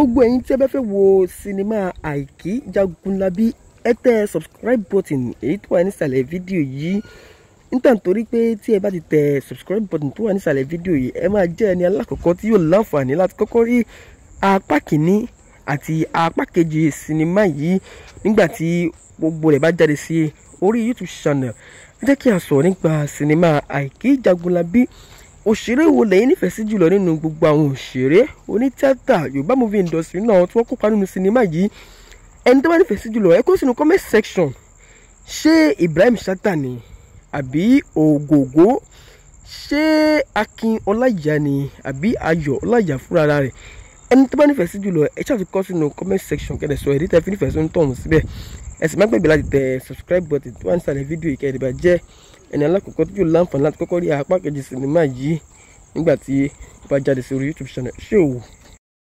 gbogbo ẹ̀yin tí ẹ bá fẹ́ wo sinimá àìkí jagunlabi ẹ tẹ subscribe button èyí tó wà nísàlẹ̀ fídíò yìí nítorí torí pé tí ẹ bá ti tẹ subscribe button tó wà nísàlẹ̀ fídíò yìí ẹ máa jẹ́ ẹni alákọ̀ọ́kọ́ tí yóò láǹfààní láti kọ́kọ́ rí apá kìíní àti apá kejì sinimá yìí nígbà tí gbogbo rẹ̀ bá jáde sí orí youtube channel ẹ jẹ́ kí a sọ̀rọ̀ nípa sinimá àìkí jagunlabi òṣèré wo lẹ́yìn nífẹ̀ẹ́ sí jùlọ nínú gbogbo àwọn òṣèré onítẹ́tà yorùbá movie industry náà tí wọ́n kópa nínú sinimá yìí ẹni tó bá nífẹ̀ẹ́ sí jùlọ ẹ kó sínú comment section ṣé Ibrahim Chatta ni àbí ògògó ṣé Akin Ọláìyá ni àbí Ayọ̀ Ọláìyá fúnra rẹ̀ ẹni tó bá nífẹ̀ẹ́ sí jùlọ ẹ ṣáà ti kọ sínú comment section kẹ́lẹ̀ sọ èdè tẹ́ fi nífẹ̀ẹ́ sí ń tọ̀hún síbẹ̀ ẹ sì má gbàgbé láti tẹ subscribe button tó wà nísàlẹ̀ fídíò ìkẹ́ ìdìbà jẹ́ ẹni alákọ̀ọ́kọ́ tó jù láǹfààní láti kọ́kọ́ rí apá kejì sinimá yìí nígbà tí ó bá jáde sí orí YouTube channel ṣé òwò